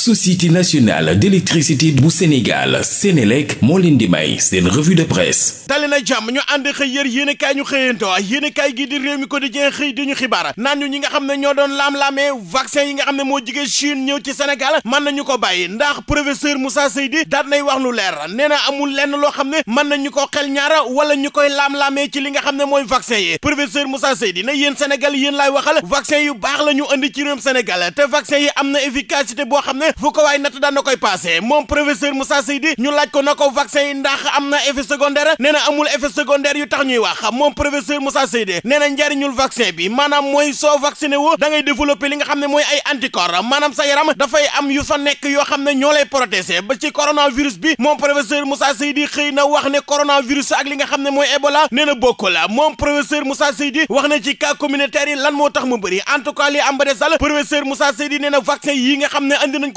société nationale d'électricité bu Sénégal Sénélec moo leen di may seen revue de presse dali na jàmm ñu ànd xëy yër yéen i kaay ñu xëyantoo yéen kaay gi di réew mi quotidien xëy di ñu xibaar naan ñu ñi nga xam ne ñoo doon laam-laamee vaccin yi nga xam ne moo jigee Chine ñëw ci Sénégal mën nañu ko bàyyi ndax professeur Moussa Seydi daat nay wax lu leer nee na amul lenn loo xam ne mën nañu ko xel ñaara wala ñu koy laam-laamee ci li nga xam ne mooy vaccin yi professeur Moussa Seydi na yéen Sénégal yéen laay waxal vaccin yu baax la ñu andi ci réewum Sénégal te vaccin yi am na efficacité boo xam ne fu ko waay natt daan na moom professeur Moussa Seydi ñu laaj ko na ko yi ndax am na effet secondaire nee amul effet secondaire yu tax ñuy wax moom professeur Moussa Seydi nee na njariñul bi maanaam mooy soo vacciné wu da ngay développé li nga xam ne mooy ay anticorps maanaam sa yaram dafay am yu fa nekk yoo xam ne ñoo lay protéger ba ci coronavirus bi moom professeur Moussa Seydi xëy na wax ne coronavirus ak li nga xam ne mooy Ebola nee na bokk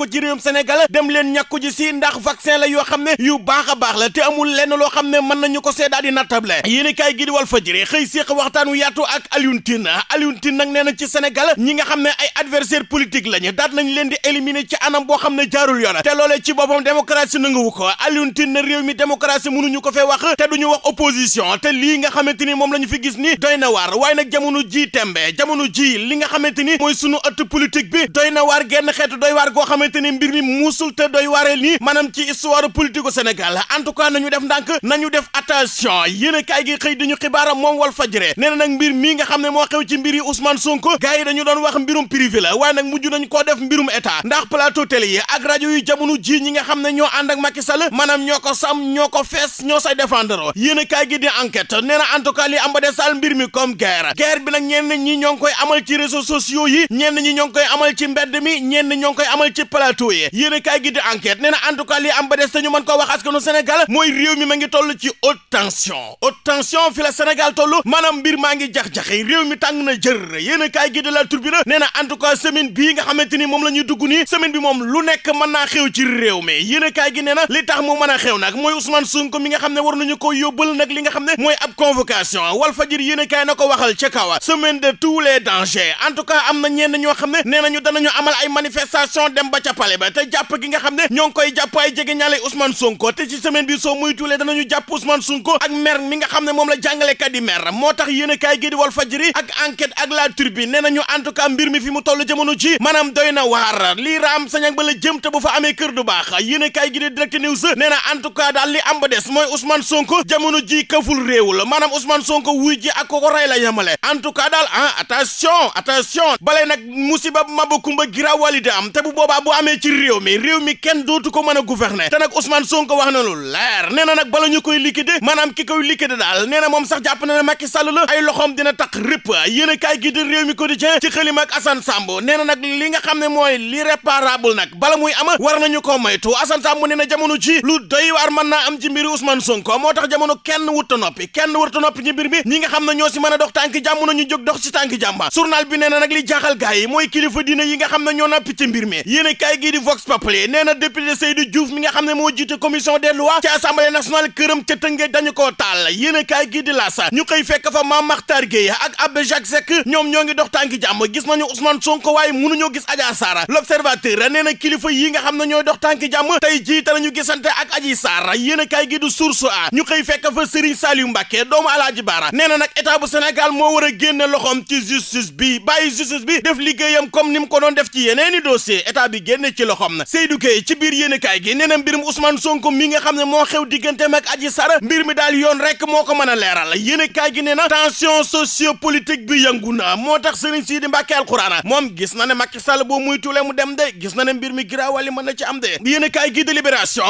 ko ci réewum Sénégal si ndax vaccin la yoo xam ne yu baax a baax la te amul lenn loo xam ne mën nañu ko see di nattable yéen kaay gi di xëy séq waxtaan yaatu ak Alioune Tine Alioune ci Sénégal ñi nga xam ne ay adversaire politique lañu daat nañ leen di éliminer ci anam boo xam ne jaarul yoon te loolee ci boppam démocratie nanguwu ko Alioune Tine ne réew mi démocratie mënuñu ko fee wax te duñu wax opposition te lii nga xamante ni moom la xamante ne mbir mi muusul te doy waareel nii maanaam ci histoire politique Sénégal en tout cas nañu def ndànk nañu def attention yéen a kaay gi xëy diñu xibaaram moom wal fajre nee na nag mbir mii nga xam ne moo xew ci mbir yi Ousmane Sonko gars yi dañu doon wax mbirum privé la waaye nag mujj nañ koo def mbirum état ndax plateau télé rajo yu jamono ji ñi nga xam ne ñoo ànd ak Macky maanaam ñoo ko sam ñoo ko fees ñoo say défendre yéen di enquête nee na en tout cas li am ba des sal mbir mi comme guerre guerre bi nag ñenn ñi ñoo koy amal ci réseaux sociaux yi ñenn ñi ñoo ngi koy amal ci mbedd mi ñenn ñoo ngi koy amal ci plateau yi a kaay gi di enquête nee na en am ba te ñu mën ko wax askanu Sénégal mooy réew mi ma ngi toll ci haute tension haute tension fi la Sénégal toll mbir maa ngi jax-jaxe réew mi tàng na jër yéen a gi di la turbine nee na en bii nga xamante ni moom la dugg nii semaine bi moom lu nekk mën naa xew ci réew mi yéen a gi nee li tax mu mën a xew nag mooy Ousmane Sonko mi nga xam ne war nañu ko yóbbal nag li nga xam ne mooy jàppale ba te jàpp gi nga xam ne ñoo ngi koy jàpp ay jege ñaale Ousmane Sonko te ci semaine bi soo muy tulee danañu jàpp Ousmane Sonko ak mer mi nga xam ne moom la jàngalekat di mer moo tax yéen a kaay gi di ak enquête ak la Tribune nee nañu en mbir mi fi mu toll jamono ji maanaam doy na waar lii raam sañag jëm te bu fa amee kër du baax yéen a kaay gi di Direct News nee na en tout cas daal li am ba des mooy Ousmane Sonko jamono ji kaful réew la maanaam Ousmane Sonko wuy ji ak ko ko rey la yemale en tout cas daal ah attention attention bale nag boobaa bu amee ci réew mi réew mi kenn dootu ko mën a gouverner te nag Ousmane Sonko wax na lu leer nee na nag bala ñu koy liquider maanaam ki koy liquider daal nee na moom sax jàpp na ne Macky Sall la ay loxoom dina tax rëpp yéen a kaay gi di réew mi quotidien ci xëlim ak Assane Samb nee na nag li nga xam ne mooy l'irréparable nag bala muy am war nañu ko moytu Assane Samb nee na jamono ji lu doy waar mën naa am ci mbiri Ousmane Sonko moo tax jamono kenn wut ta noppi kenn wut ta noppi ci mbir mi nga xam ne ñoo si mën a dox tànk jàmm nañu jóg dox si tànk jàmm journal bi nee na nag li jaaxal gaay mooy kilifa diine yi nga xam ne ñoo noppi ci mbir mi kaay gii di Vox nee na député Seydou Diouf mi nga xam ne moo jiite commission des lois ci assemblée nationale këram ca Tëngéej dañu koo taal yéen a kaay gii di L'As ñu koy fekk fa Mame Makhtar Gueye ak Abbé ñoom ñoo ngi dox tànki jàmm gis nañu Ousmane Sonko waaye mënuñoo gis Adja Sarr L'Observateur nee na kilifa yi nga xam ne ñooy dox tànki jàmm tey jii danañu gisante ak Adji Sarr yéen a kaay gii di Source A ñu xëy fekk fa Serigne Saliou Mbacké doomu Alaaji Bara nee na nag état bu Sénégal moo war a génne loxoom ci justice bi bàyyi justice bi def liggéeyam comme ni mu ko doon def ci yeneeni dossier état génn ci loxoom ci biir yéenekaay gi nee na mbirum Ousmane Sonko mi nga xam ne moo xew digganteem ak Adji Sarr mbir mi daal yoon rek moo ko mën a leeral yéenekaay gi nee na tension sociopolitique bi yëngu na moo tax Serigne Sidi Mbacke alxuraana moom gis na ne Macky Sall boo muy tuule mu dem de gis na ne mbir mi giraawali mën na ci am de yéenekaay gi de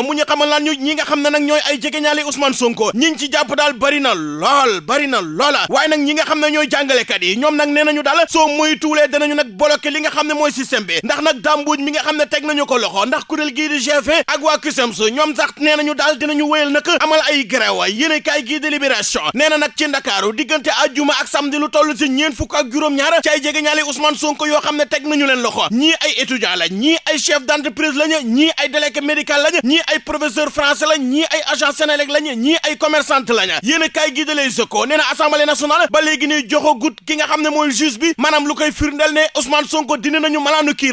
mu ñu xamal laan ñi nga xam ne nag ñooy ay jegeñaale Ousmane Sonko ñi ci jàpp daal bari na lool bari na loola waaye nag ñi nga xam ne ñooy jàngalekat yi ñoom nag nee nañu daal soo muy tuulee danañu nag bloqué li nga xam ne mooy système ndax nag mi nga xam ne teg nañu ko loxo ndax kuréel gii di G20 ak waa ñoom sax nee nañu daal dinañu wéyal nag amal ay grève yéene kaay gii di Libération nee na nag ci Ndakaaru diggante àjjuma ak samedi lu toll si ñeen fukk ak juróom-ñaar ci ay jegeñaale Ousmane Sonko yoo xam ne teg nañu leen loxo ñii ay étudiant la ñii ay chef d'entreprise lañu ñii ay délégué médical lañu ñi ay professeur français lañ ñii ay agent Sénélec lañu ñii ay commerçante lañu yéene kaay gii di Les nee na Assemblée nationale ba léegi ni joxagut ki nga xam ne mooy juge bi maanaam lu koy firndeel ne Ousmane Sonko dina nañu malaanu kii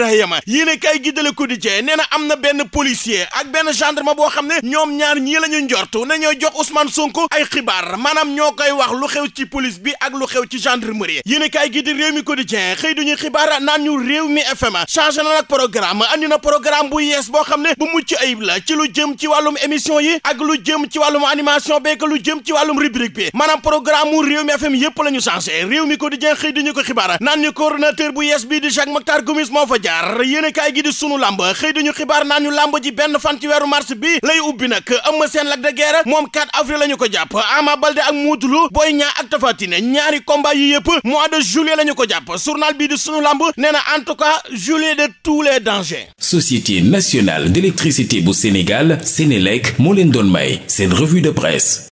gi gi de Le Quotidien nee na am na benn policier ak benn gendarme boo xam ne ñoom ñaar ñii la ñu njortu ne ñooy jox Ousmane Sonko ay xibaar maanaam ñoo koy wax lu xew ci police bi ak lu xew ci gendarmerie yéen kaay gi di réew mi Quotidien xëy duñu xibaar naan ñu réew mi FM changé na nag programme andi na programme bu yees boo xam ne bu mucc ayib la ci lu jëm ci wàllum émission yi ak lu jëm ci wàllum animation beek lu jëm ci wàllum rubrique bi maanaam programme mu réew la ñu changé réew mi Quotidien xëy duñu ko xibaar naan ñu coordonnateur bu yees bii di Jacques Mactar Gomis moo fa jaar sunu làmb xëy dañu xibaar naa ñu lamb ji benn fan ci weeru mars bi lay ubbi nag Eumeu Sène Lac de Guiers moom 4 avril la ko jàpp Ama Baldé ak Modou Lô Boy Niang ak Tapha Tine ñaari combat yi yëpp mois de juillet la ñu ko jàpp journal bii di sunu làmb nee na en tout cas juillet de tous les dangers Société nationale d'électricité bu Sénégal Sénélec moo leen doon may seen revue de presse